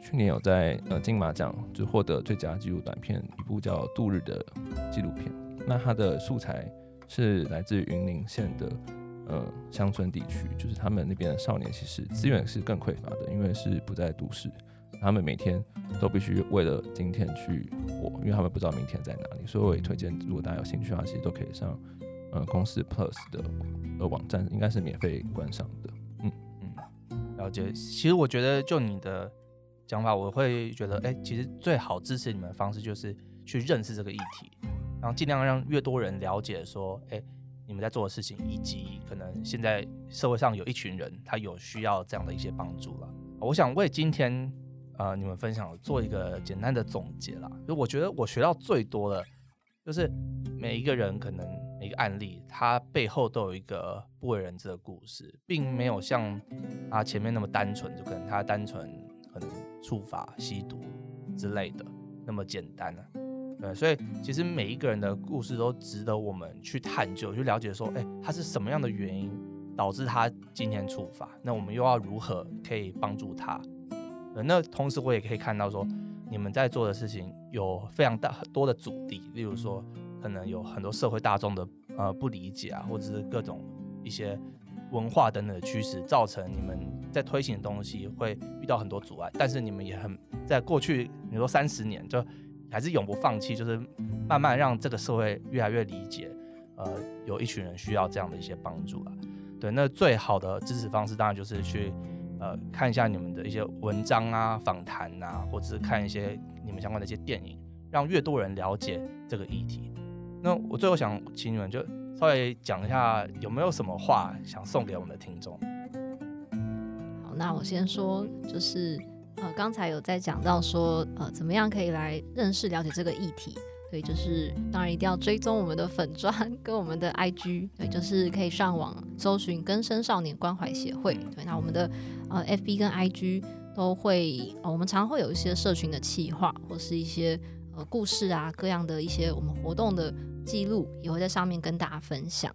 去年有在呃金馬獎就獲得最佳紀錄短片，一部叫《度日》的紀錄片。那它的素材是來自於雲林縣的呃鄉村地區，就是他們那邊的少年其實資源是更匱乏的，因為是不在都市，他們每天都必須為了今天去活，因為他們不知道明天在哪裡。所以我也推薦，如果大家有興趣的話，其實都可以上呃公視+的呃網站，應該是免費觀賞的。嗯嗯，了解。其實我覺得就你的。講法我會覺得，誒、欸，其實最好支持你們的方式就是去認識這個議題，然後盡量讓越多人了解說，誒、欸，你們在做的事情，以及可能現在社會上有一群人他有需要這樣的一些幫助了。我想為今天呃你們分享做一個簡單的總結啦。就我覺得我學到最多的，就是每一個人可能每個案例，他背後都有一個不為人知的故事，並沒有像啊前面那麼單純，就可能他單純。觸法吸毒之類的，那麼簡單呢、啊？對，所以其實每一個人的故事都值得我們去探究、去了解。說，哎、欸，他是什麼樣的原因導致他今天觸法？那我們又要如何可以幫助他？那同時，我也可以看到說，你們在做的事情有非常大很多的阻力，例如說，可能有很多社會大眾的呃不理解啊，或者是各種一些。文化等等的趨勢，造成你們在推行的東西會遇到很多阻礙，但是你們也很在過去，你說三十年就還是永不放棄，就是慢慢讓這個社會越來越理解，呃，有一群人需要這樣的一些幫助了啊。對，那最好的支持方式當然就是去呃看一下你們的一些文章啊、訪談啊，或者是看一些你們相關的一些電影，讓越多人了解這個議題。那我最後想請你們就。稍微講一下，有沒有什麼話想送給我們的聽眾？好，那我先說，就是呃，剛才有在講到說，呃，怎麼樣可以來認識、了解這個議題？對，就是當然一定要追蹤我們的粉專跟我們的 IG，對，就是可以上網搜尋“更生少年關懷協會”。對，那我們的呃 FB 跟 IG 都會、呃，我們常會有一些社群的企劃或是一些。呃，故事啊，各樣的一些我們活動的記錄，也會在上面跟大家分享。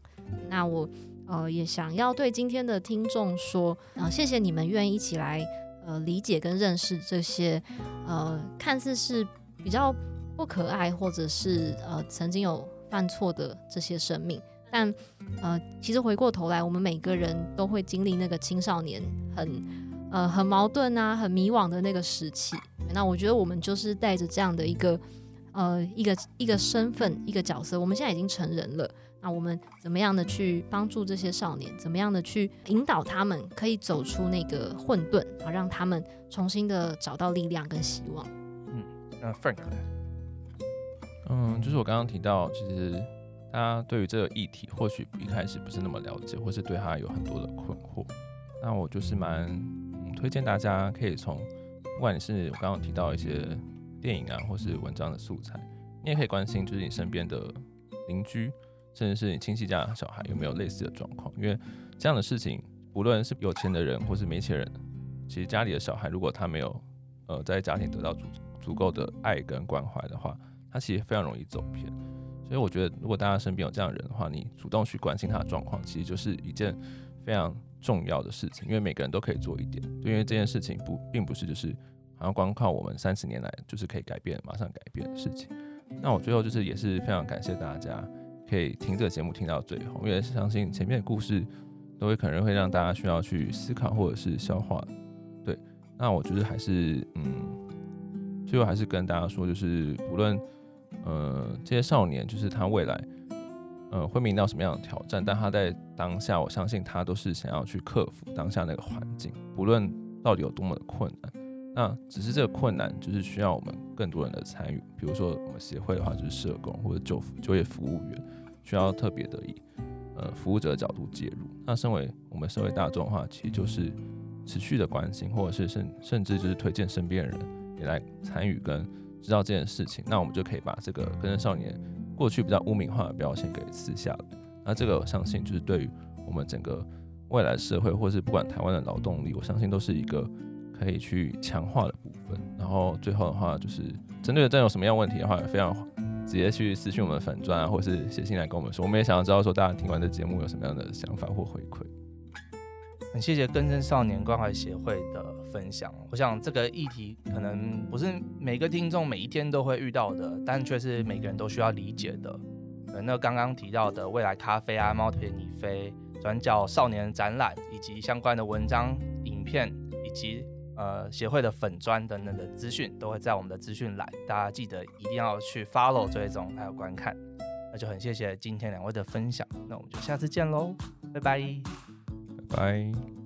那我呃也想要對今天的聽眾說，啊、呃，謝謝你們願意一起來呃理解跟認識這些呃看似是比較不可愛或者是呃曾經有犯錯的這些生命，但呃其實回過頭來，我們每個人都會經歷那個青少年很呃很矛盾啊，很迷惘的那個時期。那我覺得我們就是帶着這樣的一個呃一個一個身份一個角色，我們現在已經成人了，那我們怎麼樣的去幫助這些少年，怎麼樣的去引導他們可以走出那個混沌啊，讓他們重新的找到力量跟希望。嗯，那 Frank，嗯，就是我剛剛提到，其實大家對於這個議題或許一開始不是那麼了解，或是對他有很多的困惑，那我就是蠻、嗯、推薦大家可以從。不管你是我剛剛提到一些電影啊，或是文章的素材，你也可以關心，就是你身邊的鄰居，甚至是你親戚家的小孩有沒有類似的狀況。因為這樣的事情，無論是有錢的人或是沒錢人，其實家裡的小孩如果他沒有呃在家庭得到足足夠的愛跟關懷的話，他其實非常容易走偏。所以我覺得，如果大家身邊有這樣的人的話，你主動去關心他的狀況，其實就是一件非常。重要的事情，因為每個人都可以做一點，對，因為這件事情不並不是就是好像光靠我們三十年來就是可以改變，馬上改變的事情。那我最後就是也是非常感謝大家可以聽這個節目聽到最後，因為相信前面的故事都會可能會讓大家需要去思考或者是消化。對，那我就是還是嗯，最後還是跟大家說，就是無論呃這些少年，就是他未來。嗯、會面臨到什麼樣的挑戰？但他在當下，我相信他都是想要去克服當下那個環境，不論到底有多麼的困難。那只是這個困難就是需要我們更多人的參與。比如說我們協會的話，就是社工或者就就業服務員，需要特別的以呃、嗯、服務者的角度介入。那身為我們社會大眾的話，其實就是持續的關心，或者是甚甚至就是推薦身邊人也來參與跟知道這件事情。那我們就可以把這個更生少年，過去比較汙名化的標籤給撕下來，那這個我相信就是對於我們整個未來社會，或是不管台灣的勞動力，我相信都是一個可以去強化的部分。然後最後的話，就是針對的這有什麼樣問題的話，也非常直接去私訊我們的粉專啊，或是寫信來跟我們說。我們也想要知道說大家聽完這節目有什麼樣的想法或回饋？很謝謝更生少年關懷協會的。分享，我想這個議題可能不是每個聽眾每一天都會遇到的，但卻是每個人都需要理解的。那剛剛提到的未來咖啡啊、貓培你飛、轉角少年展覽以及相關的文章、影片以及呃協會的粉專等等的資訊，都會在我們的資訊欄，大家記得一定要去 follow 這一種還有觀看。那就很謝謝今天兩位的分享，那我們就下次見嘍，拜，拜拜。拜拜。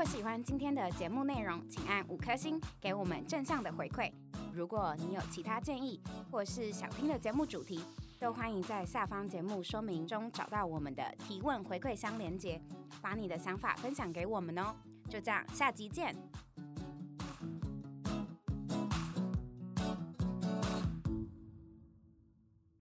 如果喜歡今天的節目內容，請按五顆星給我們正向的回饋。如果你有其他建議，或是想聽的節目主題，都歡迎在下方節目說明中找到我們的提問回饋箱連接，把你的想法分享給我們哦。就這樣，下集見。